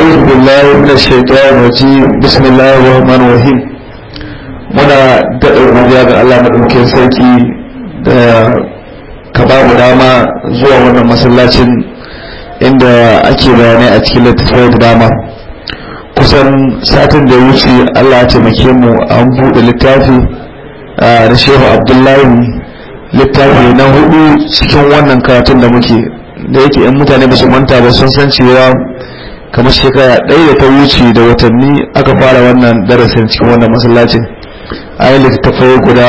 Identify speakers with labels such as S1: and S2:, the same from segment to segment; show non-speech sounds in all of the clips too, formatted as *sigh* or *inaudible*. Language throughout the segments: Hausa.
S1: أعوذ بالله من الشيطان الرجيم بسم الله الرحمن الرحيم muna daɗa godiya ga Allah maɗaukin sarki da ka ba mu dama zuwa wannan masallacin inda ake bayanai a cikin littattafai da dama kusan satin da ya wuce Allah ya taimake mu an buɗe littafi da shehu abdullahi littafi na hudu cikin wannan karatun da muke da yake in mutane ba su manta ba sun san cewa kamar shekara ɗaya da ta wuce da watanni aka fara wannan darasin cikin wannan masallacin ayi littattafai guda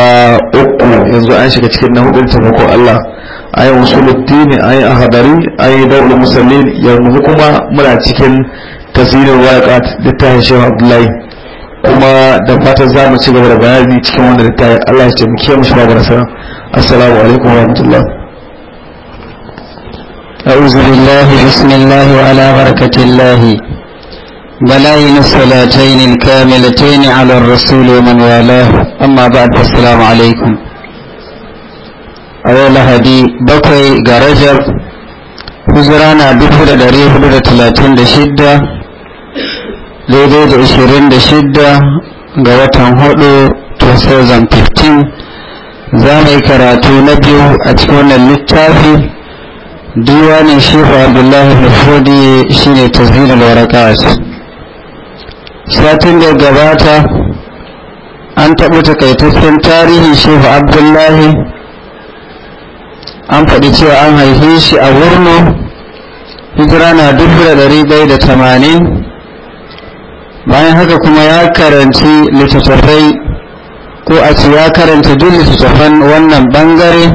S1: uku yanzu an shiga cikin na hudun taimakon Allah ayi usuluddini ayi ahadari ayi daulul musallin yanzu kuma muna cikin tasirin waqat littafin Shehu Abdullahi kuma da fatan za mu ci gaba da bayani cikin wannan littafin Allah ya taimake mu shi ba assalamu alaikum wa rahmatullah أعوذ بالله بسم الله وعلى بركة الله بلاين الصلاتين الكاملتين على الرسول ومن والاه أما بعد السلام عليكم أولا هدي بقي غرجب هزرانا بفر دريه بدر تلاتين دشدة daidai da 26 ga watan 4 2015 za mu yi karatu na biyu a cikin wannan littafi diwanin shehu abdullahi nufodi shine tazhirin warakat satin da gabata an taɓa takaitaccen tarihin shehu abdullahi an faɗi cewa an haife shi a wurno hijira na tamanin bayan haka kuma ya karanci littattafai ko a ce ya karanta duk littattafan wannan bangare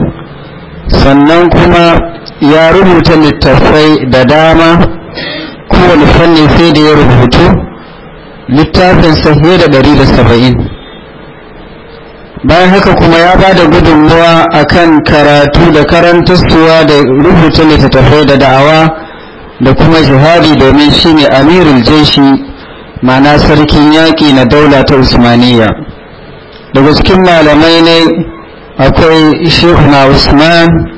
S1: sannan kuma ya rubuta littattafai da dama kowane fanni sai da ya rubutu littafin sahiya da ɗari da saba'in bayan haka kuma ya ba da gudunmuwa a kan karatu da karantarsuwa da rubuta littattafai da da'awa da kuma jihadi domin shi ne amirul jeshi ma'ana sarkin yaƙi na daula ta usmaniya daga cikin malamai ne akwai na usman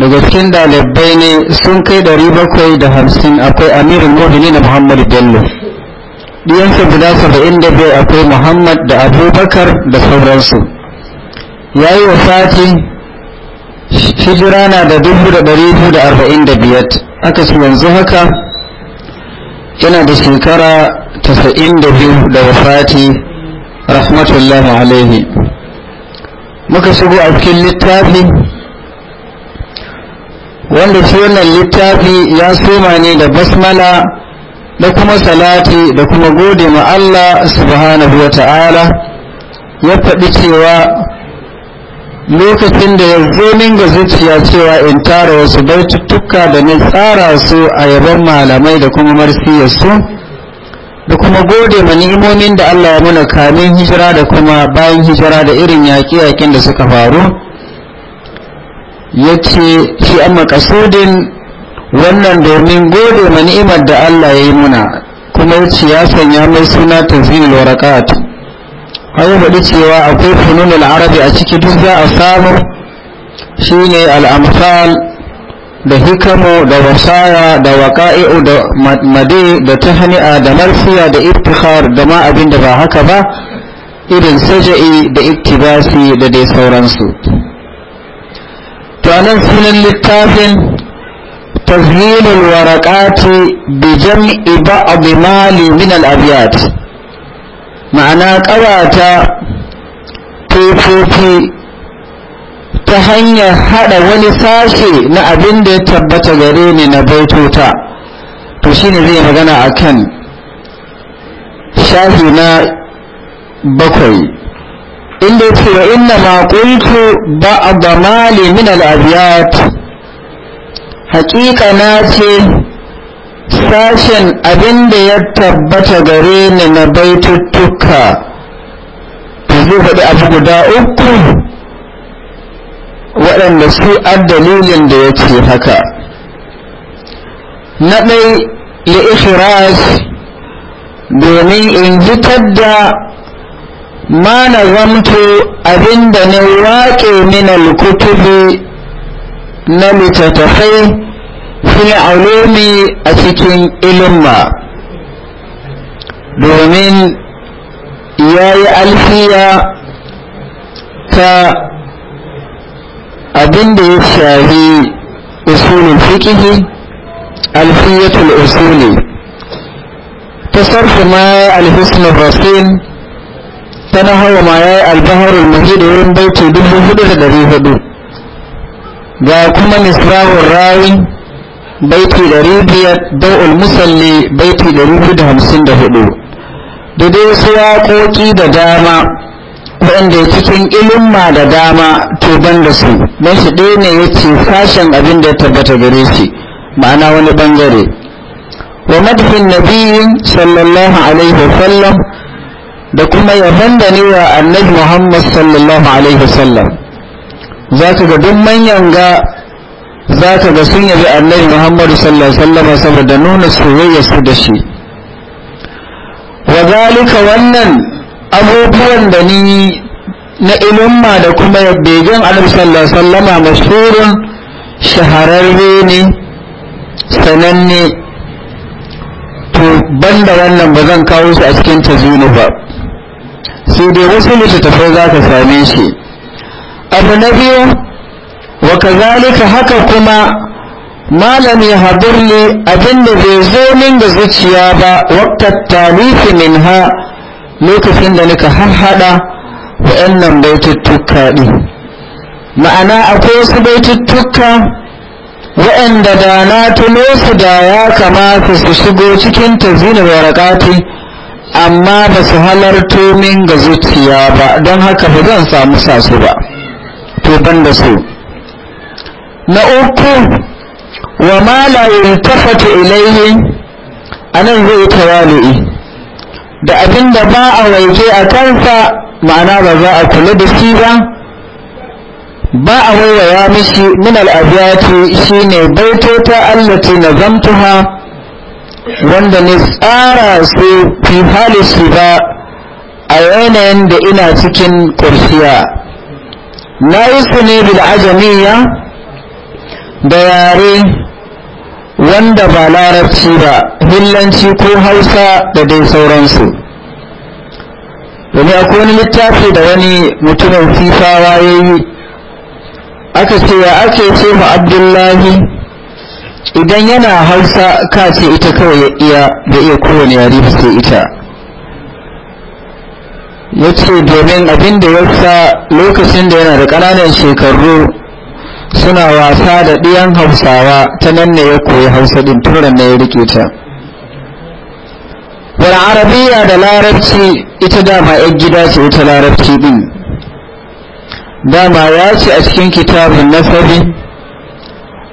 S1: daga cikin dalibai ne sun kai ɗari bakwai da hamsin akwai amirin mu'mini na muhammad bello ɗiyansa guda saba'in da biyar akwai muhammad da abubakar da sauransu ya yi wa fati hijira na da dubu da ɗari biyu da arba'in da biyar aka su yanzu haka yana da shekara tasa'in da biyu da wafati rahmatullahi alaihi muka shigo a cikin littafi wanda shi wannan littafi ya soma ne da basmala da kuma salati da kuma gode ma Allah subhanahu wa ta'ala ya faɗi cewa lokacin da ya zo min ga zuciya cewa in tara wasu baituttuka da na tsara su a yaban malamai da kuma marsiyarsu da kuma gode ma ni'imomin da Allah ya muna kamin hijira da kuma bayan hijira da irin yaƙi-yaƙin da suka faru yace ce shi an makasudin wannan domin gode ma ni'imar da Allah ya yi muna kuma ya ya sanya mai suna tanzilul warakat an yi cewa akwai fununul arabi a ciki duk za a samu shine al'amsal da hikamu da wasaya da waka'i'u da made da tahni'a da marfiya da iftihar da ma abinda ba haka ba irin saja'i da iktibasi da dai sauransu tuwanen sunan littafin tasirin waraka ce bijan iba abimali minal abiyat ma'ana kawata tefofi ta hanyar haɗa wani sashe na abin da ya tabbata gare ne na baitota to shine ne zai magana akan shafi na bakwai inda ce wa inna ma qultu ga mali min al hakika haƙiƙa na ce sashen abin da ya tabbata gare ni na da zai faɗi abu guda uku waɗanda su an dalilin da ya ce haka na ɗai li domin in fitar da ma nazamtu abinda ne waƙe min alkutubi na littattafai fil ulumi a cikin ilimma domin ya yi alfiya ta abinda ya shafi usulun fikihi alfiyatul usuli ta sarfi ma alhisnul rasim tana na hawa ma ya yi albaharul mahi da wurin baiti dubu hudu da dari hudu ga kuma misrahun rawi baiti dari biyar da'ul musalli baiti dari hudu da hamsin da hudu da dai wasu waƙoƙi da dama waɗanda cikin ilimma da dama to ban da su don shi ɗaya ne ya ce sashen abin da ya tabbata gare shi ma'ana wani bangare wa madhin nabiyyin sallallahu alaihi wa sallam da kuma yabon da wa annabi muhammad sallallahu alaihi wasallam za ka ga duk manyan ga za ka ga sun yabi annabi muhammad sallallahu alaihi wasallam saboda nuna soyayya su da shi wazalika wannan abubuwan da ni na ilimma da kuma begen annabi sallallahu alaihi wasallam mashhurin shahararre ne sananne to banda wannan ba zan kawo su a cikin tazini ba sai dai wasu littattafai za ka same shi abu na biyu wa kazalika haka kuma malam ya abin abinda bai zo min da zuciya ba waktar talifi min ha lokacin da nika harhaɗa wa'annan baituttuka ɗin ma'ana akwai wasu baituttuka waɗanda da na tuno su da ya kamata su shigo cikin tazina wa amma ba su halarto min ga zuciya ba don haka ba zan samu sasu ba to ban da su na uku wa ma la yultafatu a anan zai tawali'i da abinda ba a waje a kansa ma'ana ba za a kula da shi ba ba a waiwaya mishi min al-abiyati shine baitota allati nazamtuha wanda ne tsara su fi halisu ba a yanayin da ina cikin kurciya na yi su ne bil'ajamiya da yare wanda ba larabci ba hillanci ko hausa da dai sauransu domin akwai wani littafi da wani mutumin fifawa ya yi aka ce ya ake ce ma abdullahi idan yana hausa ka ce ita kawai ya iya da iya kowane yare ba sai ita ya ce domin abin da ya sa lokacin da yana da ƙananan shekaru suna wasa da ɗiyan hausawa ta nan ne ya koyi hausa din turan na ya rike ta wani arabiya da larabci ita dama yan gida ce ita larabci din dama ya ce a cikin kitabun nasabi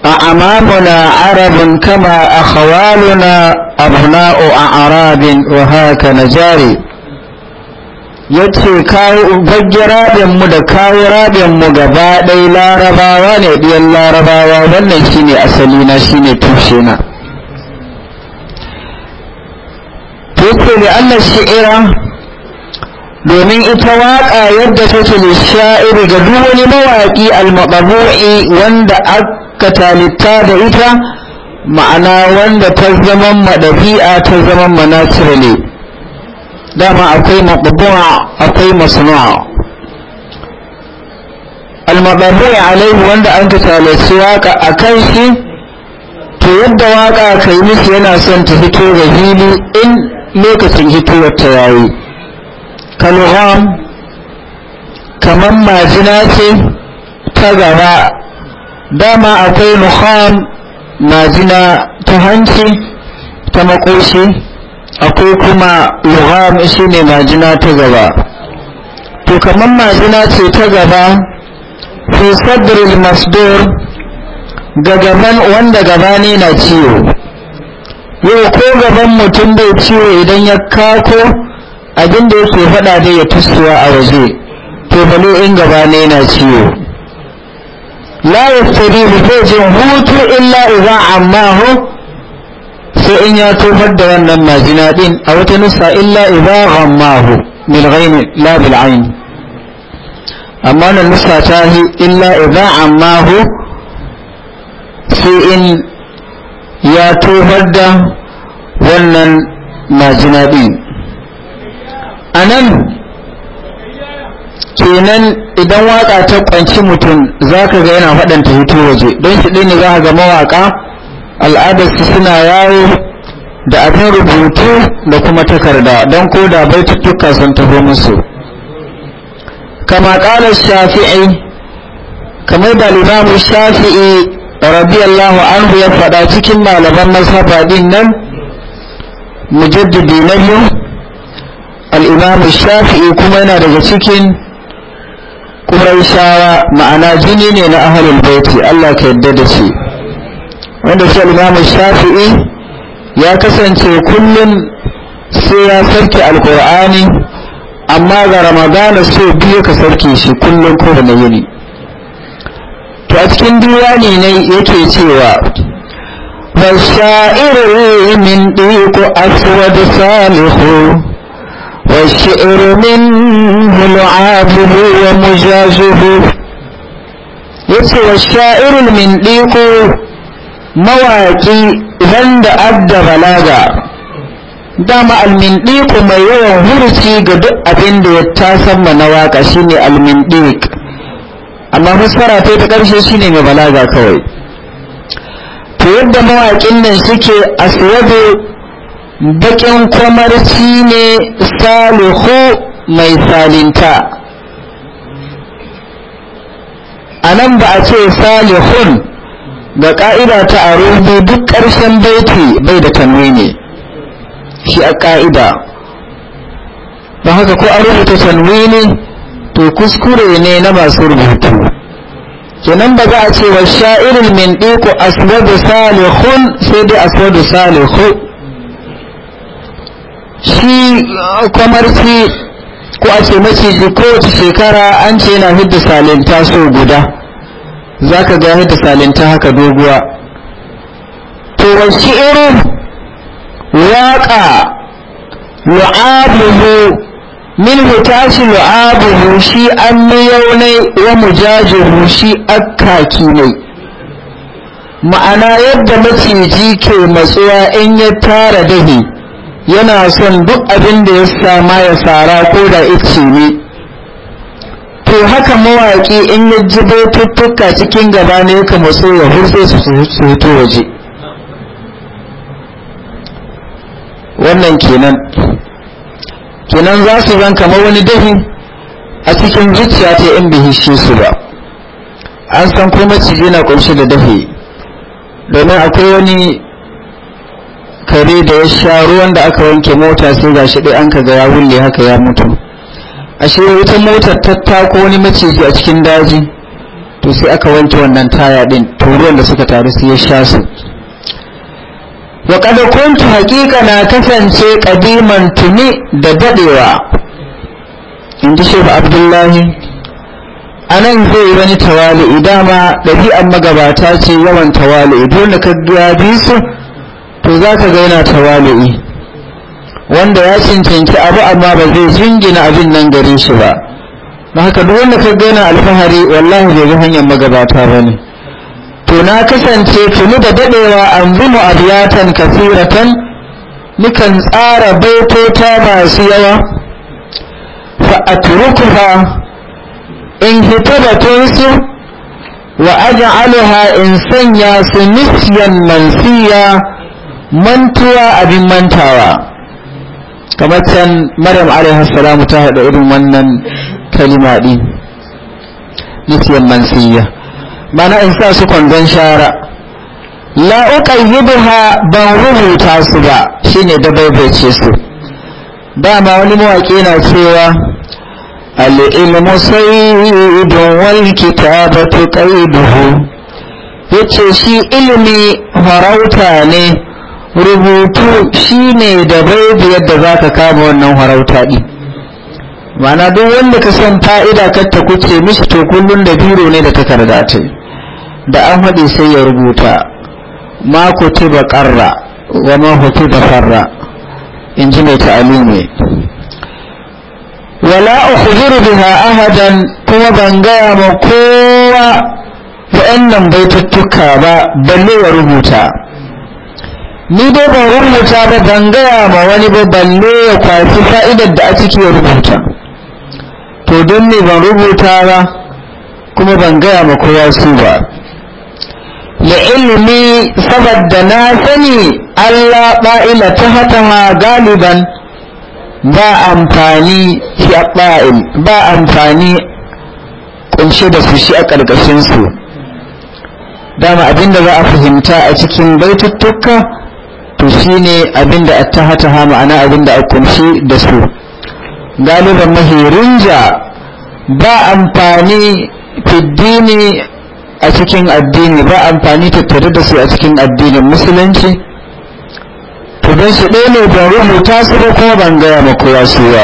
S1: أأمامنا عرب كما أخوالنا أبناء أعراب وهاك نجاري yace kawo gaggen mu da kawo mu gaba ɗai larabawa ne ɗiyan larabawa wannan shine asali na shine tushe na yake da allah shi'ira domin ita waƙa yadda take da sha'iri ga duk wani mawaƙi almaɓabu'i wanda Ka talitta da ita ma'ana wanda ta zama madafi'a ta zama manasir ne dama akwai maqbu'a akwai masnu'a al-maqbu'a alaihi wanda an ta talaci waka akan shi to yadda waka kai musu yana son ta fito ga hili in lokacin hitowar ta yayi kalwam kamar majina ce ta gaba dama akwai na majina ta hanci ta makoshi akwai kuma lugham shi ne majina ta gaba to kamar majina ce ta gaba fi sadril masdur ga gaban wanda gaba ne na ciwo yau ko gaban mutum bai ciwo idan ya kako abinda yake faɗa dai ya tusuwa a waje to balo in gaba ne na ciwo la yastabihu bai hutu illa idza ammahu sai in ya tofar da wannan majina din a wata nusa illa idza ghammahu bil ghayn la bil ayn amma nan nusa ta hi illa idza ammahu sai in ya tofar da wannan majina din anan kenan idan waka ta kwanci mutum zaka ga yana faɗan ta hito waje don shi ɗaya ne ga mawaka al'adarsu suna yawo da abin rubutu da kuma takarda don ko da baituttuka sun taho musu kama ƙalar shafi'i kamar da limamu shafi'i radiyallahu anhu ya faɗa cikin malaman mazhaba din nan mujaddidi na biyu al'imamu shafi'i kuma yana daga cikin shawa ma'ana jini ne na ahalul baiti Allah ka yadda da shi wanda shi al shafi'i ya kasance kullum sai ya sarki alƙur'ani amma ga ramadana sai biyu ka sarki shi kullum ko da yini to a cikin diwani ne yake cewa فالشاعر من ضيق أسود صالح والشعر منه لعابه ومجازه yace wa sha'irul min diko mawaki idan da balaga dama almin diko mai yawan hurci ga duk abinda da ya tasamma na waka shine almin amma fassara ta ta karshe shine mai balaga kawai to yadda mawakin nan suke aswadu baƙin kwamarci ne salihu mai salinta a nan ba a ce salihun ga ƙa'ida ta arubu duk ƙarshen baiti bai da tanwini shi a ƙa'ida ba haka ko ta rubuta tanwini to kuskure ne na masu rubutu kenan ba za a ce wa sha'irin min ɗiku aswadu salihun sai dai aswadu salihu shi uh, kwamarci ko a ce maciji kowace shekara an ce yana hidda salinta so guda za ka ga hidda salinta haka doguwa to wasu irin waƙa lu'abuhu min tashi lu'abuhu shi an miyaunai wa mujajiru shi akkaki ne ma'ana yadda maciji ke matsuwa in ya tara dahi yana son duk abin da ya sama ya sara ko da ice ne to haka mawaƙi in ya ji baututtuka cikin gaba ne ka maso ya hurfe su fito waje wannan kenan kenan za su zan kamar wani dahi a cikin zuciya ta in bihishe su ba an san kuma ciji na ƙunshi da dahi domin akwai wani kare da ya sha ruwan da aka wanke mota sai shi dai an ka kaga ya wulle haka ya mutu a ashe wata motar ta tako wani maciji a cikin daji to sai aka wanke wannan taya din to ruwan da suka taru sai ya sha su wa kad kuntu haqiqa na kasance qadiman tuni da dadewa ji shehu abdullahi anan zai wani tawali'u dama ɗabi'an magabata ce yawan tawali'u dole ka biya su. to za ka ga tawali'i wanda ya cancanci abu amma ba zai jingina abin nan gare shi ba na haka duk wanda ka gaina alfahari wallahi bai ga hanyar magabata ba ne to na kasance tuni da dadewa an zumu abiyatan kasiratan nikan tsara baitota su yawa fa atrukha in hita batunsu wa aj'alaha in sanya su nisyan mansiya mantuwa abin mantawa kamar can maryam alaihi salamu ta haɗa irin wannan kalima din nisiyan mansiya mana in sa su kwandon shara la uqayyibha ban rubuta su ba shine da baibaice su dama wani mawaƙi na cewa al-ilmu sayyidun wal kitabatu qayduhu yace shi ilimi farauta ne rubutu shine da baibu yadda za ka kama wannan harauta ɗi mana duk wanda ka san fa'ida kar ta kuce mishi to kullum da biro ne da takarda ta da an haɗe sai ya rubuta ma ba ƙarra wa ma ta farra in ji mai ta'alume wala ukhbiru biha ahadan kuma ban gaya ma kowa wa'annan baitattuka ba balle ya rubuta ni dai ban rubuta ba ban gaya ma wani ba balle ya kwafi fa'idar da a ciki ya rubuta to don ne ban rubuta ba kuma ban gaya ma kowa su ba da ilimi saboda na sani allah ba'ila ta ma galiban ba amfani ba amfani kunshe da su shi a ƙarƙashinsu dama abinda za a fahimta a cikin baituttuka to shine abinda attahataha ma'ana abinda akunshi da su galiban mahirinja ba amfani fiddini a cikin addini ba amfani tattare da su a cikin addinin musulunci to don su ɗaya ne ban rubuta su ba kuma ban gaya ma kowa su ba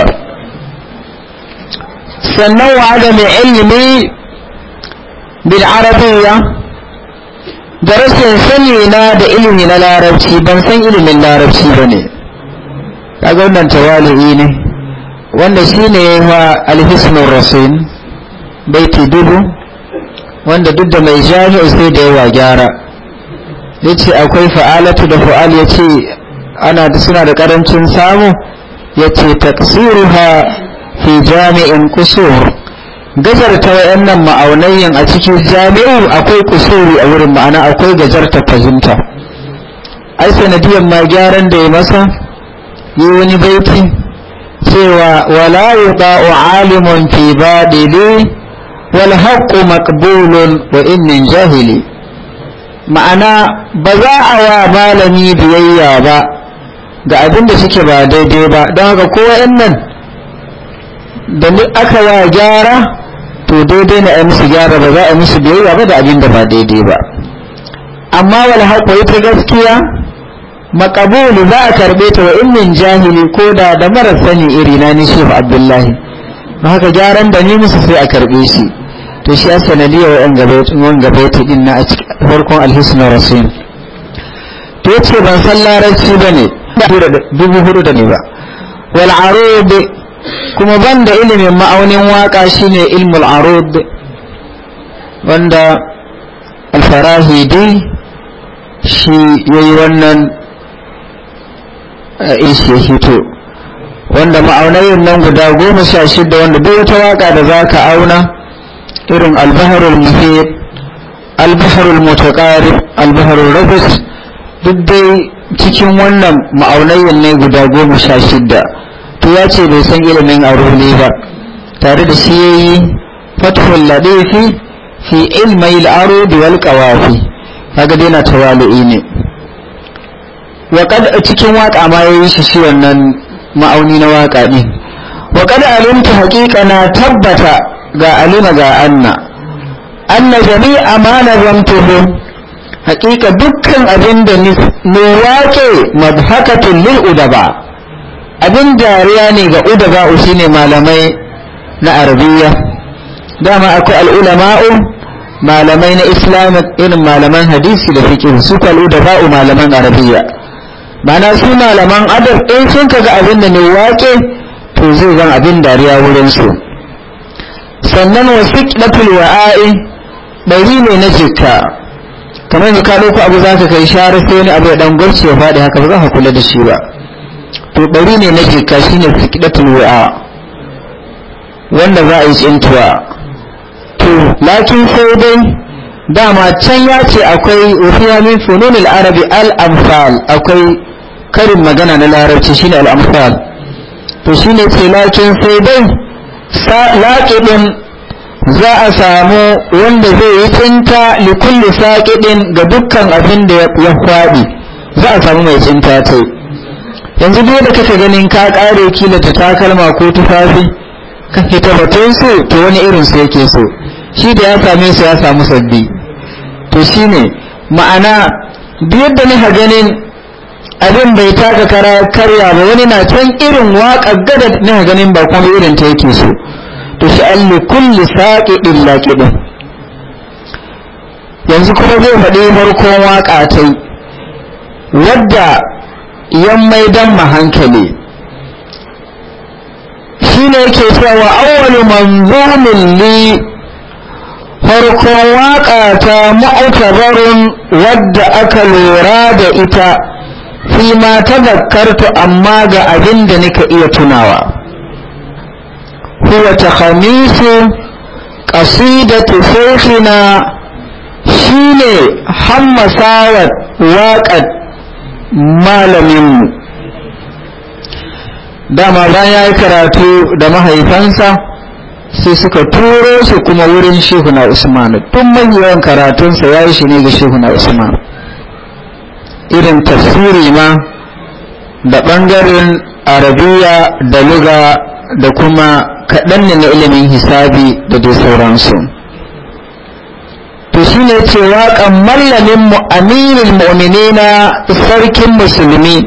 S1: sannan wa da mai ilimi bil arabiyya da rashin sani na da ilimi na larabci ban san ilimin larabci ba ne kaga wannan tawali'i ne wanda shi ne wa alhisnun rasul baiti dubu wanda duk da mai jami'a sai da yawa gyara ya ce akwai fa'alatu da fa'al ya ce ana suna da karancin samu ya ce taksiruha fi jami'in kusur gazarta wayannan ma'aunayyan a cikin jami'u akwai kusuri a wurin ma'ana akwai gajarta fahimta ai sanadiyan ma gyaran da ya masa yi wani baiti cewa wala yuda'u alimun fi badili wal haqqu maqbulun wa innin jahili ma'ana ba za a wa malami biyayya ba ga abin da suke ba daidai ba don haka ko wayannan da aka wa gyara to daidai na a musu gyara ba za a musu biyayya ba da abin da ba daidai ba amma wal haƙo ita gaskiya makabulu za a karɓe ta wa in min jahili ko da da mara sani iri na ni abdullahi ba haka gyaran da ni musu sai a karbe shi to shi a sanadiyar wa'yan gabaita din na a farkon alhisna rasul to ce ban san larabci ba ne dubu hudu da ne ba wal arobe kuma banda ilimin ma'aunin waka shine ilmul arud wanda dai shi yayi wannan eh, ishe hito wanda ma'aunayin nan guda goma sha shida wanda duk wata waka da za ka auna irin albaharul muhit albaharul mutakarib albaharul rabus duk dai cikin wannan ma'aunayin ne guda goma sha shida to ya ce bai san ilimin aure ba tare da shi yayi fathul ladifi fi ilmai al-arud wal qawafi kaga dai na tawali'i ne wa kad cikin waka ma yayi shi shi wannan ma'auni na waka din wa kad alimta haqiqa na tabbata ga alima ga anna anna jami amana zamtuhu haqiqa dukkan abinda ni wake madhakatun lil udaba abin dariya ne ga Uda udaba'u shine malamai na arabiya dama akwai al'ulama'u malamai na islam irin malaman hadisi da fiqh su ko ba'u malaman arabiya mana su malaman adab in sun kaga abin da ne wake to zai zan abin dariya wurin su sannan wasiqatul wa'ai ɗari ne na jikka kamar ka dauko abu zaka kai share sai wani abu ya dan gurce ya faɗi haka ba za ka kula da shi ba to bari ne na ke shi ne su fikidatul wa'a wanda za a yi tsintuwa to lakin sai dai dama can ya ce akwai ufiya min fununil arabi al akwai karin magana na larabci shi ne al'amfal to shi ne ce lakin sai dai laƙidin za a samu wanda zai yi tsinta likulli saƙiɗin ga dukkan abin da ya faɗi za a samu mai tsinta ta yanzu duk da kake ganin ka kare kila ta takalma ko tufafi kake tabbatun su to wani irin su yake so shi da ya same su ya samu sabbi to shine ma'ana duk yadda ni ha ganin abin bai taka kara karya ba wani na can irin waka gadar ni ha ganin ba kuma irin ta yake so to shi alli kulli saqidin laqidin yanzu kuma zai faɗi farkon waka tai wadda yan maidan hankali shi ne ke cewa awwalu manzumin li farkon waƙa ta ma'aikabarin wadda aka lura da ita fi ma ta zakartu amma ga abin da nika iya tunawa huwa ta khamisu ƙasidatu shekina shi ne hammasawar waƙar malaminmu dama bayan ya yi karatu da mahaifansa sai suka turo su kuma wurin shehuna usman tun mahiyawan karatunsa ya yi shi ne ga shehuna usman irin tafsiri ma da ɓangaren arabiya da luga da kuma kaɗan ne na ilimin hisabi da dai sauransu to shi ne ce waƙan mallamin mu aminul na sarkin musulmi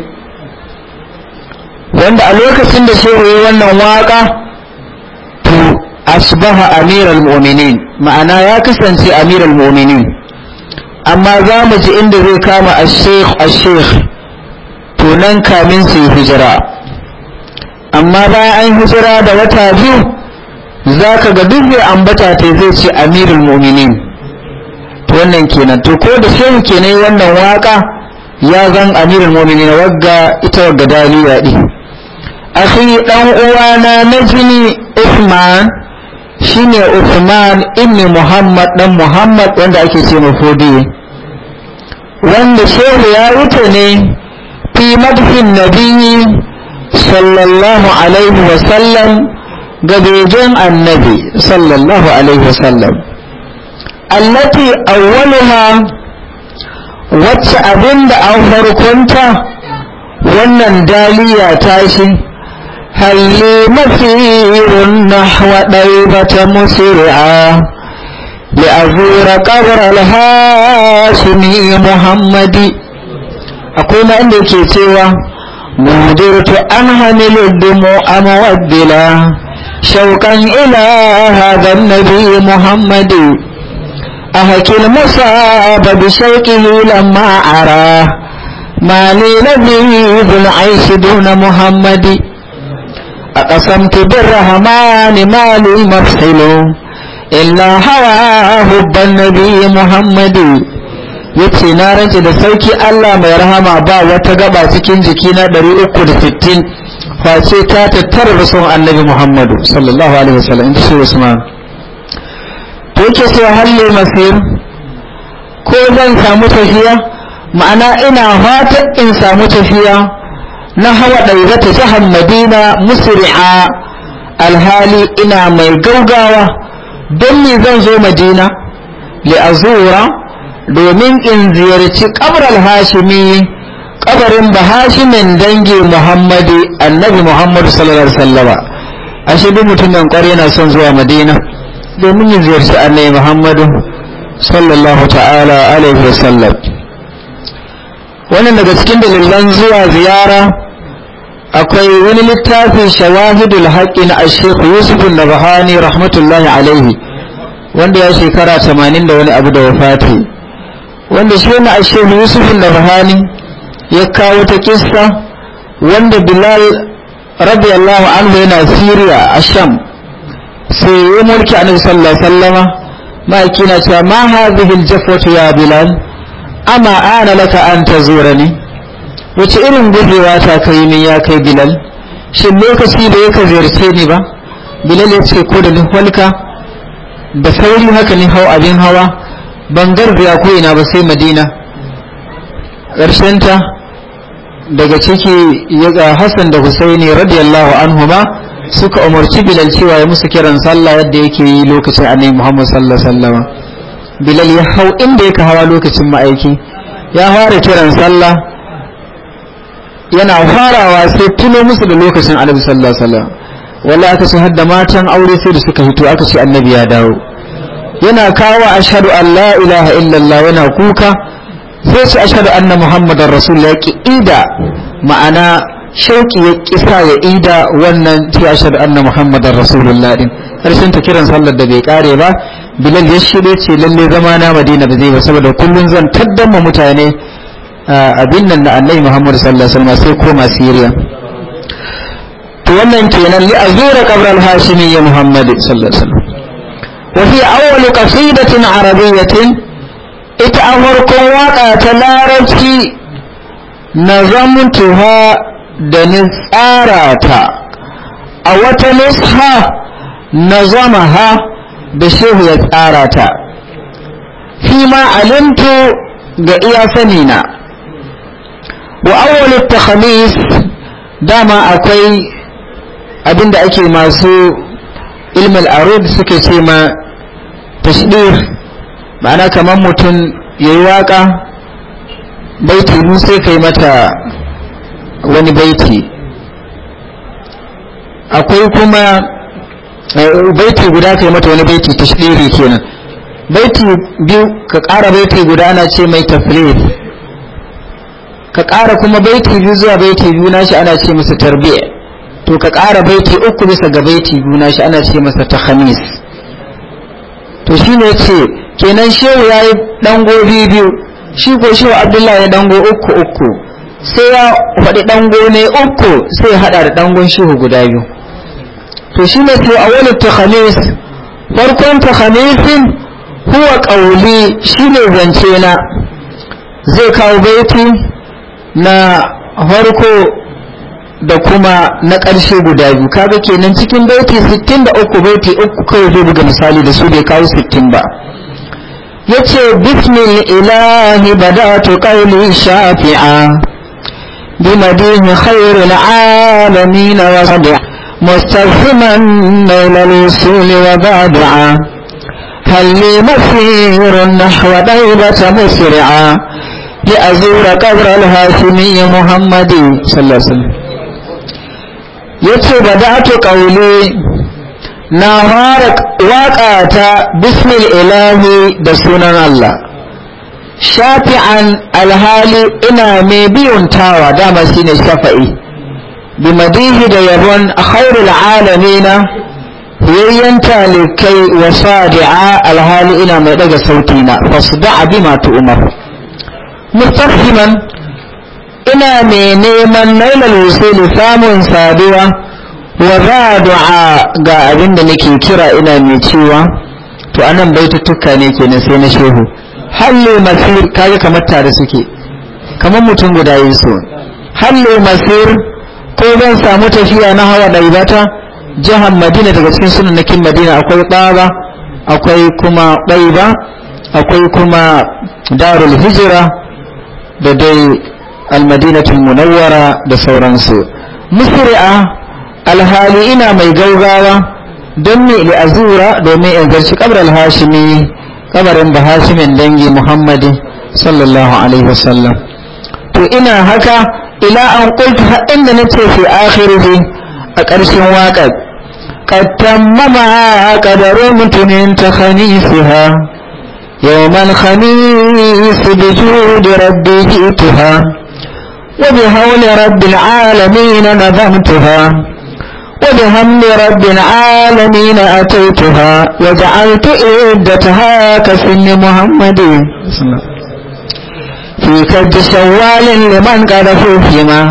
S1: wanda a lokacin da shehu ya wannan waƙa to asbaha amirul mu'minin ma'ana ya kasance amirul mu'minin amma za mu ji inda zai kama a shaykh a shaykh to nan kamin su hijira amma bayan an hijira da wata biyu zaka ga duk mai ambata ta zai ce amirul mu'minin to wannan kenan to ko da shehu kenan wannan waka ya zan amirul mu'minin wagga ita wagga daliya A akhi ɗan uwana na jini Uthman shine Usman ibn Muhammad ɗan Muhammad wanda ake ce mafodi wanda shehu ya wuce ne fi madhin nabiyyi sallallahu alaihi wasallam ga bejin annabi sallallahu alaihi wasallam التي wacce abinda أوفر كنت wannan daliya tashi. shi halli mafirin nahwa ɗai ba ta musir'a ya azura ƙabar alhashimi muhammadi akwai na inda ke cewa mudirtu an hani lardimu a mawaddila shaukan ila hadan nabi muhammadi أهك المصاب بشوكه لما أراه ما لي نبي ذو العيش دون محمد أقسمت بالرحمن ما لي مفصل إلا هوى حب النبي محمد yace na rance da sauki Allah mai rahama ba wata gaba cikin jikina 360 face ta tattara da son annabi Muhammadu sallallahu alaihi wasallam in ce Usman yake cewa halli masir ko zan samu tafiya ma'ana ina fatan in samu tafiya na hawa ta jihar madina musri'a alhali ina mai gaugawa don me zan zo madina li'azura domin in ziyarci ƙabral hashimi ƙabarin bahashimin dangi muhammadu annabi muhammadu sallallahu alaihi ashe duk mutumin ƙwarai yana son zuwa madina domin ya ziyarci annabi Muhammadu sallallahu ta'ala alaihi wasallam wannan daga cikin dalilan zuwa ziyara akwai wani littafin shawahidul haqqi na Sheikh Yusuf Nabhani rahmatullahi alaihi wanda ya shekara 80 da wani abu da wafati wanda shi ne Sheikh Yusuf Nabhani ya kawo ta kissa wanda Bilal radiyallahu anhu yana Syria a Sham sai mulki annabi sallallahu sallama ma ma'aiki cewa ma hadhihi aljafwatu ya bilal ama ana laka an tazurani wace irin gurbewa ta kai min ya kai bilal shin lokaci da yaka ziyarce ni ba bilal ya ce ko da nufalka da sauri haka ni hau abin hawa ban garbiya ko ina ba sai madina ƙarshenta daga ciki ya ga hassan da husaini radiyallahu anhu ba. suka umarci bilal cewa ya musu kiran sallah yadda yake yi lokacin annabi muhammad sallallahu alaihi wasallam bilal ya hau inda yake hawa lokacin ma'aiki ya fara kiran sallah yana farawa sai tuno musu da lokacin annabi sallallahu alaihi wasallam walla aka ce hadda matan aure sai da suka fito aka ce annabi ya dawo yana kawo ashhadu an la ilaha illallah yana kuka sai su ashhadu anna muhammadar rasul ya ki ida ma'ana shauki ya kisa ya ida wannan ci ashhadu anna muhammadar rasulullah din karshen ta kiran sallar da bai kare ba bilal ya shirye ce lalle zama na madina ba zai ba saboda kullun zan taddama mutane abin nan na annabi muhammad sallallahu alaihi wasallam sai koma siriya to wannan kenan li azura qabral hashimi ya muhammad sallallahu alaihi wasallam wa fi awwal qasidatin arabiyyatin ita a waka ta larabci na zamun nazamtuha da ni tsara ta a wata nusha ha da shehu ya tsara ta fi ma alimtu ga iya sanina. na wa awwal ta Khamis dama akwai abinda ake masu ilmul arud suke ce ma tashdir ma'ana kamar mutum yayi waka baiti mun sai kai mata wani baiti akwai kuma eh, baiti guda yi mata wani baiti ta tashdiri kenan baiti biyu ka ƙara baiti guda ana ce mai tafrif ka ƙara kuma baiti biyu zuwa baiti biyu nashi ana ce masa tarbiyya to ka ƙara baiti uku bisa ga baiti biyu nashi ana ce masa hamis to shi ne ce kenan shehu yi dango biyu shi ko shehu abdullahi ya dango uku uku sai ya faɗi ɗango ne uku sai ya haɗa da ɗangon shehu guda biyu to shi ne a wani tukhanis farkon tukhanisin huwa ƙauli shi ne zance na zai kawo baiti na farko da kuma na ƙarshe guda biyu kaga kenan cikin baiti 63 baiti uku kawai zai buga misali da su bai kawo 60 ba yace bismil ilahi badatu qawli shafi'a بمديه خير العالمين وصدع مستفهما بين الوصول وبادعا هل لي مسير نحو بيبة مسرعا لأزور قبر الهاشمي محمد صلى الله عليه وسلم yace بدأت قولي نهارك واقعة بسم الإله بسنن الله shafi'an alhali ina mai biyun tawa dama shine shafa'i bi madihi da yabon khairul alamina yayyan talikai wa sadi'a alhali ina mai daga sauti na fasda'a bima tu'mar mustahiman ina mai neman nailal wusuli samun saduwa wa du'a ga abin da nake kira ina mai cewa to anan baitattuka ne kenan sai na shehu halle masir kaga kamar tare suke kamar mutum guda yin so halle masir ko zan samu tafiya na hawa ibata jihar madina daga cikin na kin madina akwai ɓaba akwai kuma ɓaiba akwai kuma darul hijira da dai almadinatul munawwara da sauransu musri'a alhali ina mai gaugawa don ne li azura domin in zarci kabar alhashimi kabarin bahashimin dangi muhammadi sallallahu alaihi wasallam to ina haka ila an kulta haɗin da na ce fi akhirihi a ƙarshen waƙar qad tammama qadaru mutumin ta khanisiha yawman khamis bi judi rabbihi tuha wa bi hawli rabbil alamin nadamtuha وبهم رب العالمين أتيتها وجعلت عدتها كسن محمد في كد شوال لمن قد فيهما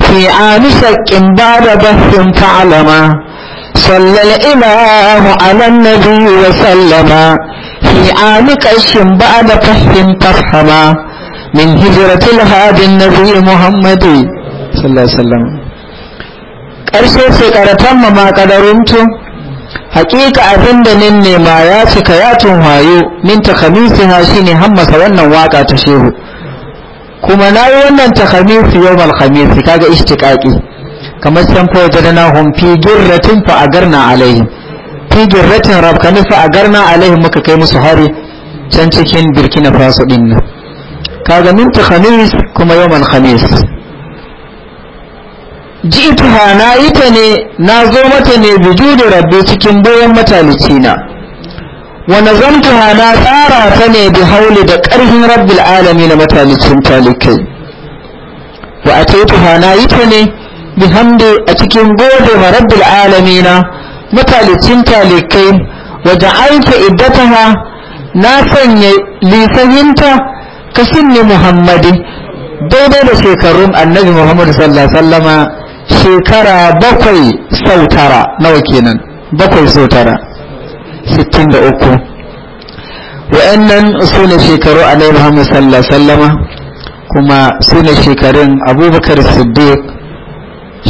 S1: في عام شك بعد بث فعلما صلى الإله على النبي وسلم في عام كش بعد فهم تفهما من هجرة الهادي النبي محمد صلى الله عليه وسلم ƙarshe shekaratan ƙaratan ma maƙadaruntu haƙiƙa abin da nin nema ya cika ya tunwayo min takamisi ha shi ne hammasa wannan waka ta shehu kuma na yi wannan takamisi yau malhamisi kaga ishtiƙaƙi kamar san fa wajen na hun fi ratin fa a garna alaihi fi rab rafkani fa a garna alaihi muka kai musu hari can cikin birkina faso ɗin kaga min takamis kuma yau malhamis ji'tuha na yi ta ne na zo mata ne buju da rabbi cikin doyon matalicina wa nazamtuha na tsara ta ne bi hauli da ƙarfin rabbil alami na matalicin talikai wa ataituha na yi ta ne bi hamdi a cikin gode ma rabbil alami na matalicin talikai wa ja'alta iddataha na sanya lisaninta ka ne muhammadi daidai da shekarun annabi muhammadu sallallahu alaihi wasallama shekara bakwai sau tara nawa kenan bakwai sau tara sittin uku wa'annan su ne shekaru alai muhammad sallallahu sallama kuma su ne shekarun abubakar siddiq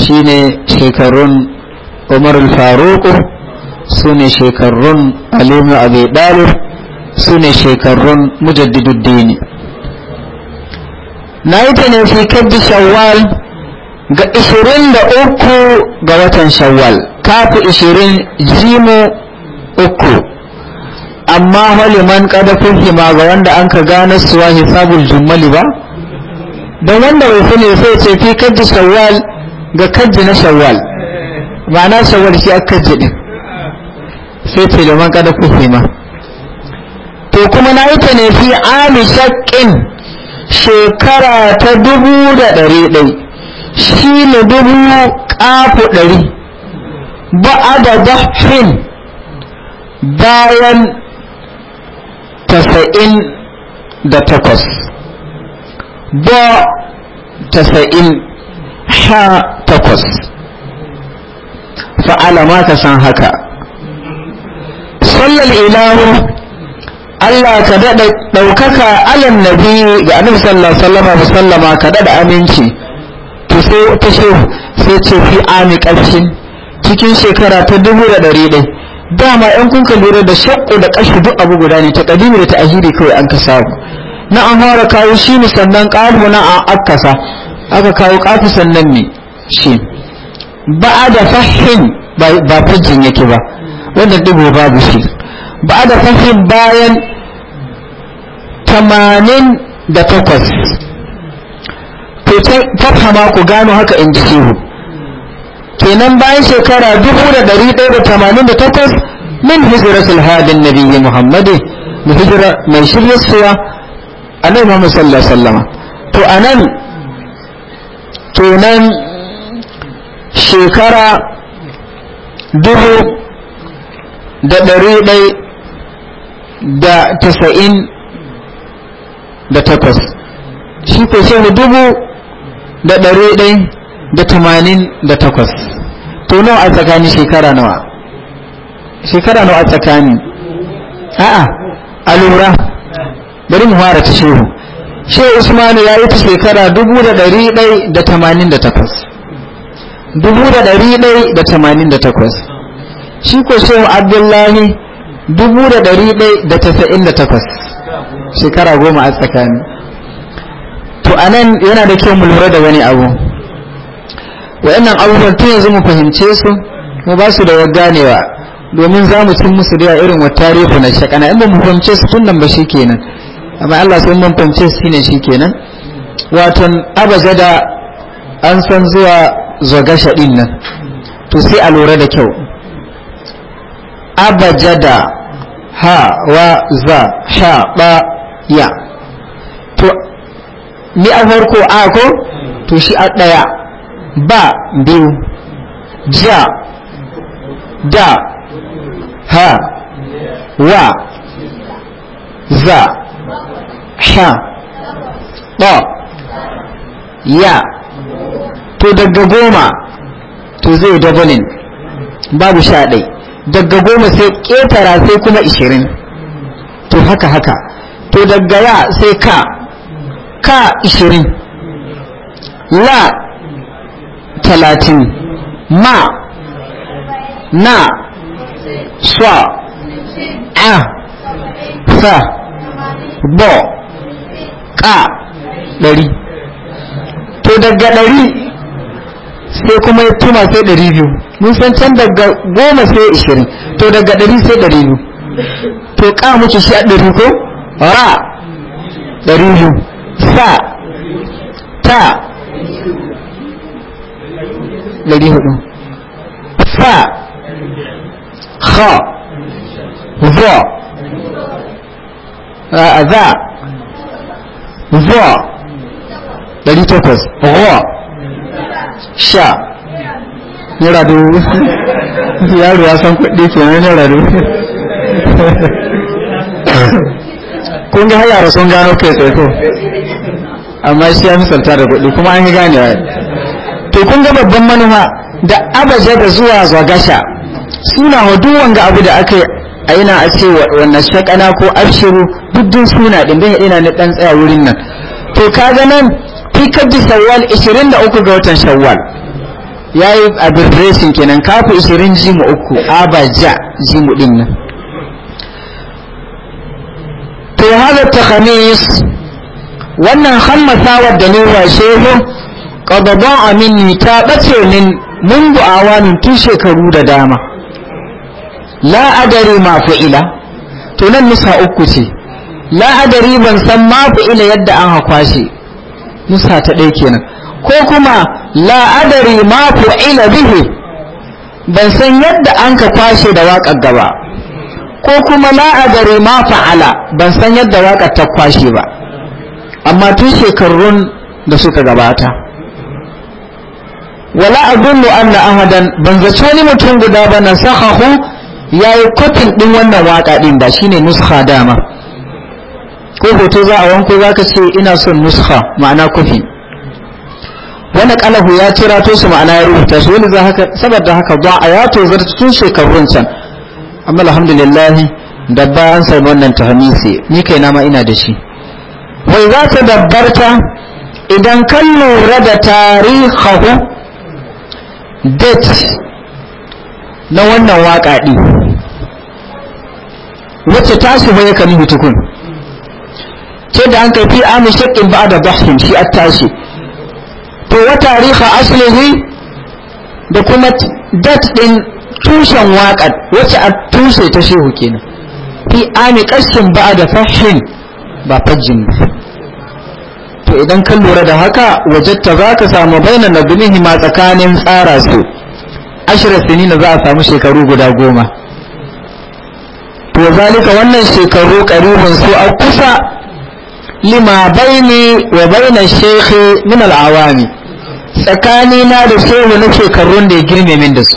S1: shi ne shekarun umar faruku su ne shekarun alimu abu dalu su ne shekarun dini na yi ta ne shekar da shawwal ga 23 ga watan shawwal kafi 20 jimu uku amma haliman kadafin hima ga wanda an ka gane suwa hisabul jummali ba don wanda bai ne sai ce fi kajji shawwal ga kajji na shawwal ma'ana shawwal shi aka kajji din sai ce liman kadafin hima to kuma na ita ne fi ami shakkin shekara ta dubu da ɗari ɗai shi ne dubu ƙafu ɗari ba adada fin bayan tasa'in da takwas ba tasa'in sha takwas fa'ala ta san haka sallar ilahu Allah ka daɗa ɗaukaka alan nabi ga annabi sallallahu alaihi wasallama ka daɗa aminci sai ta ce sai ce fi ami ƙarshen cikin shekara ta dubu da ɗari ɗai dama yan kun lura da shakku da ƙashi duk abu guda ne ta ƙadimi da ta ahiri kawai an ka samu na an fara kawo shi ne sannan ƙafu na an akasa aka kawo ƙafu sannan ne shi ba da fahim ba fajin yake ba wanda dubu babu shi ba da fahim bayan tamanin da takwas to tafhama ku gano haka in ji shehu kenan bayan shekara dubu da 1188 min hijiratul hadin nabiyyi muhammadi mu hijira mai shirya suwa annabi muhammad sallallahu alaihi wasallam to anan to nan shekara dubu da ɗari ɗai da tasa'in da takwas shi ko shehu dubu da ɗari ɗai da tamanin da takwas to nawa a tsakani shekara nawa shekara nawa a tsakani a'a a lura bari mu fara ta shehu shehu usmanu ya yi ta shekara dubu da ɗari ɗai da tamanin da takwas dubu da ɗari ɗai da tamanin da takwas shi ko shehu abdullahi dubu da ɗari ɗai da tasa'in da takwas shekara goma a tsakani anan yana da kyau mu lura da wani abu wayannan abubuwan tun yanzu mu fahimce su mu ba su da ganewa domin za mu cin musu da irin wa tarihu na shakana in ba mu fahimce su tun nan ba shi kenan. amma Allah sai mun fahimce su shine kenan. waton abajada an san zuwa zogasha din nan to sai a lura da kyau abajada ha wa za sha ba ya ni a farko a ko to shi a ɗaya ba biyu ja da ha wa za ha ɗo ya to daga goma to zai dabalin babu sha ɗai daga goma sai ƙetara sai kuma ishirin to haka haka to daga ya sai ka ka ishirin la talatin ma na sa a sa, bo ka ɗari to daga ɗari sai kuma ya tuma sai ɗari biyu mun san can daga goma sai ishirin to daga ɗari sai ɗari biyu to ka muke shi a ɗari ko ra ɗari biyu sa ta dari hudu fa kha za za za dari takwas ruwa sha ya *laughs* yaro ya san kuɗi kenan ya *laughs* kun ga yara sun gano kai tsaye ko amma shi ya misalta da kuɗi kuma an yi gane wa to kun ga babban manufa da abaje da zuwa gasha suna hudu ga abu da aka a yana a ce wannan shakana ko abshiru duddun suna din da ina na dan tsaya wurin nan to kaga nan fikar da shawwal 23 ga watan shawwal yayi a racing kenan kafu 20 jimu uku abaja jimu din nan to hada ta khamis wannan hammasawar da ne washe ho qadaba amini ta bace min mundu awanin tun shekaru da dama la adari ma fa'ila to nan nusa uku ce la adari ban san ma fa'ila yadda an hakwashe nusa ta ɗaya kenan ko kuma la adari ma fa'ila bihi ban san yadda an ka kwashe da waƙar gaba ko kuma la gare ma fa'ala ban san yadda waka ta kwashe ba amma tun shekarun da suka gabata wala adullu anna ahadan ban zaci wani mutum guda ba na sahahu yayi kofin din wannan waka din da shine nuskha dama ko hoto za a wanko zaka ce ina son nuskha ma'ana kofi wani kalahu ya cira to su ma'ana ya rubuta su wani za haka saboda haka ba a ya tozar tun shekarun can amma alhamdulillah dabba an sai wannan tahmisi ni kai na ma ina da shi wai za ta dabbarta idan kan lura da tarihahu date na wannan waka din wacce ta su bai kami hutukun ce da an kai fi amu shakkin ba da bahin shi at tashi to wa tariha aslihi da kuma date ɗin tushen waƙar wacce a tushe ta shehu kenan fi ani ƙashin ba da fahim ba fajin to idan ka lura da haka wajatta za ka samu bainan na ma tsakanin tsara su Ashirin sinina za a samu shekaru guda goma to zalika wannan shekaru ƙaribin su a kusa lima baini wa baina shekhi min al'awami tsakani na da shehu na shekarun da ya girme min da su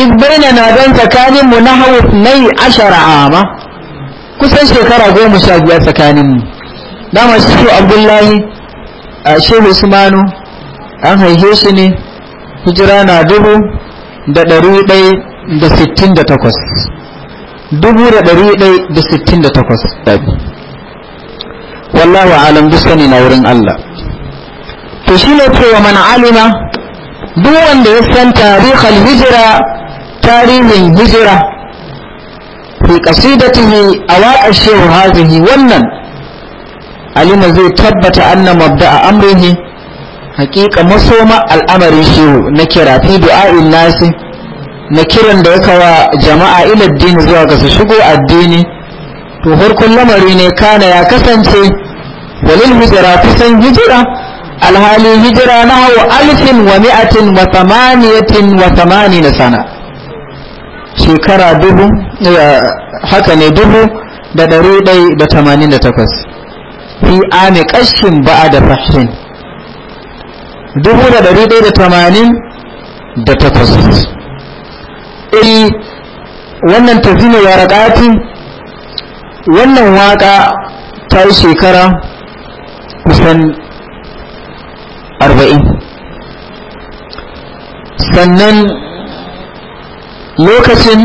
S1: in bainana don tsakaninmu na hau nai ashara ama kusan shekara goma sha biyar tsakaninmu dama shi ko abdullahi a shehu usmanu an haife shi ne hijira na dubu da ɗari ɗai da sittin da takwas dubu da ɗari ɗai da sittin da takwas wallahu alam duk sani na wurin allah to shi ne cewa mana alima duk wanda ya san tarihal hijira tarihin hijira fi qasidatihi a waƙar shehu hazihi wannan alima zai tabbata anna mabda'a amrihi hakika masoma al'amarin shi na kira fi du'a'in nasi na kiran da yaka wa jama'a ila addini zuwa ga su shigo addini to farkon lamari ne kana ya kasance walil hijira kusan hijira alhali hijira na hau alfin wa mi'atin wa thamaniyatin wa na sana shekara dubu haka ne dubu da ɗari ɗai da tamanin da takwas fi ami ƙashin ba'a da fahim. dubu da ɗari ɗai da tamanin da takwas iri eh, wannan tafi ne ya raƙati wannan waƙa ta yi shekara kusan arba'in sannan lokacin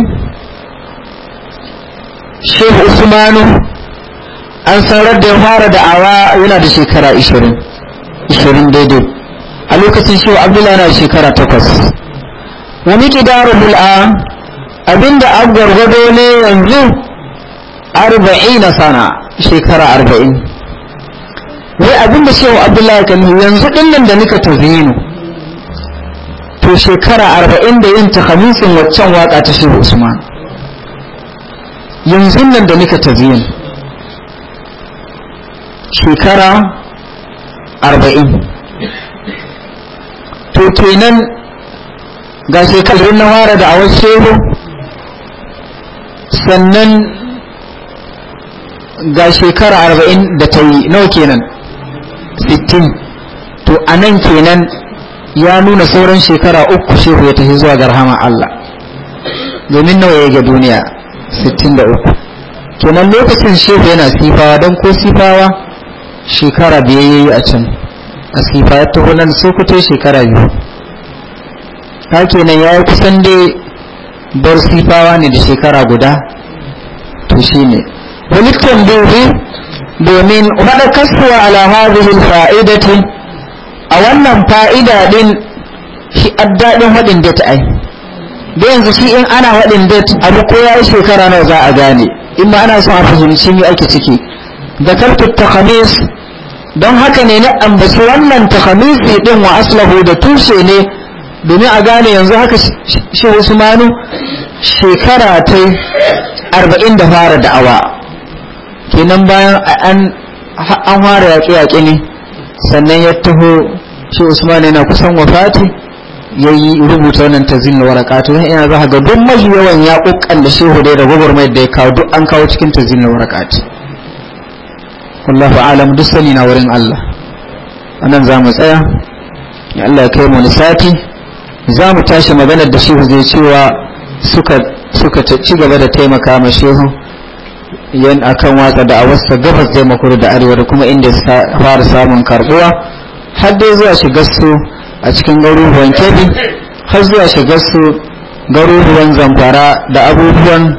S1: shehu usmanu an sanar da ya fara da'awa yana da shekara 20 ishirin daidai a lokacin shehu abdullahi na shekara 8 wani kidara bul'a abinda an gwargwado ne yanzu 40 sana shekara 40 wai abinda shehu abdullahi kanu yanzu din nan da nika tazinu to shekara arba'in da yin takhamisin waccan waka ta shehu usman yanzu nan da nika tazinu shekara arba'in to kenan ga shekarun na wara da awar shehu sannan ga shekara arba'in da ta yi nawa kenan sittin to a nan kenan ya nuna sauran shekara uku shehu ya tafi zuwa garhama Allah domin nawa ya ga duniya sittin da uku kenan lokacin shehu yana sifawa don ko sifawa shekara biyu ya yi a can a sifa ya taho sokoto shekara biyu ta kenan ya yi kusan dai bar sifawa ne da shekara guda to shi ne wani tambayi domin madakarsuwa ala hadhihi fa'idati a wannan fa'ida ɗin shi addadin hadin da ta ai da yanzu shi in ana haɗin da abu ko yi shekara nawa za a gane in ma ana son a fahimci me ake ciki zakartu takhamis don haka ne na ambaci wannan takhamisi ɗin wa aslahu da tushe ne domin a gane yanzu haka shi Usmanu shekara ta arba'in da fara da'awa kenan bayan an an fara yaƙe-yaƙe ne sannan ya taho shi usman yana kusan wafati ya rubuta wannan tazin na warakatu don yana za ga duk mafi yawan yaƙuƙan da shehu dai da mai da ya kawo duk an kawo cikin tazin na warakatu wallahu alam duk sani na wurin Allah anan za mu tsaya ya Allah ya kai mu sati za mu tashi maganar da shehu zai cewa suka suka ci gaba da taimaka ma shehu yan akan watsa da da'awarsa gabas zai makuru da arewa da kuma inda ya fara samun karbuwa har dai zuwa shigar su a cikin garuruwan kebbi har zuwa shigar su garuruwan zamfara da abubuwan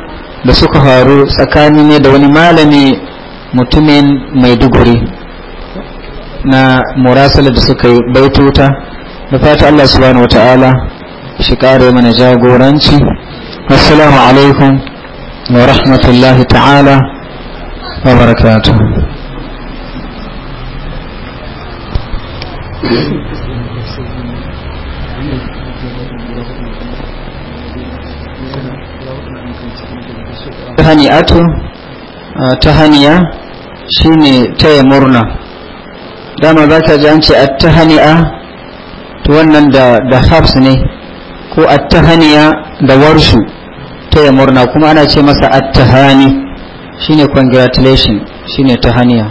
S1: da suka faru tsakani ne da wani malami mutumin maiduguri na murasala da suka yi baituta da fata allah subhanahu wa ta'ala shi kare mana jagoranci assalamu alaikum ورحمة الله تعالى وبركاته hani'atu ta shi shine taya murna dama za ka ji an ce ta hani'a wannan da hafs ne ko ta haniya da warshu taya murna kuma ana ce masa attahani shine congratulation shine tahaniya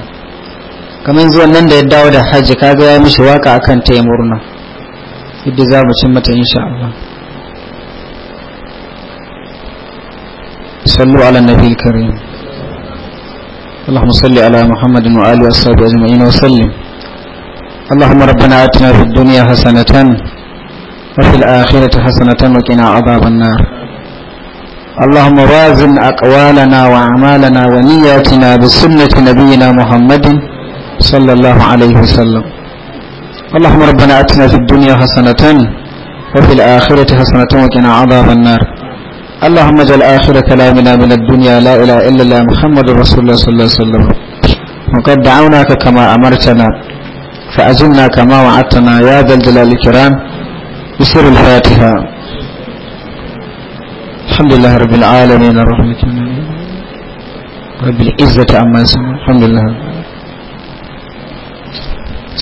S1: kamar zuwan nan da ya dawo da hajji kaga ya mishi waka akan taya murna yadda za mu cin mata insha Allah sallu ala nabi karim اللهم صل على محمد وآله وصحبه أجمعين وسلم اللهم ربنا آتنا في الدنيا حسنة وفي الآخرة حسنة وقنا عذاب النار اللهم رازن أقوالنا وأعمالنا ونياتنا بسنة نبينا محمد صلى الله عليه وسلم اللهم ربنا أتنا في الدنيا حسنة وفي الآخرة حسنة وكنا عذاب النار اللهم اجعل آخر كلامنا من الدنيا لا إله إلا الله محمد رسول الله صلى الله عليه وسلم وقد دعوناك كما أمرتنا فأزلنا كما وعدتنا يا ذا الجلال الكرام بسر الفاتحة الحمد لله رب العالمين الرحمة رب العزة عما يسمى الحمد لله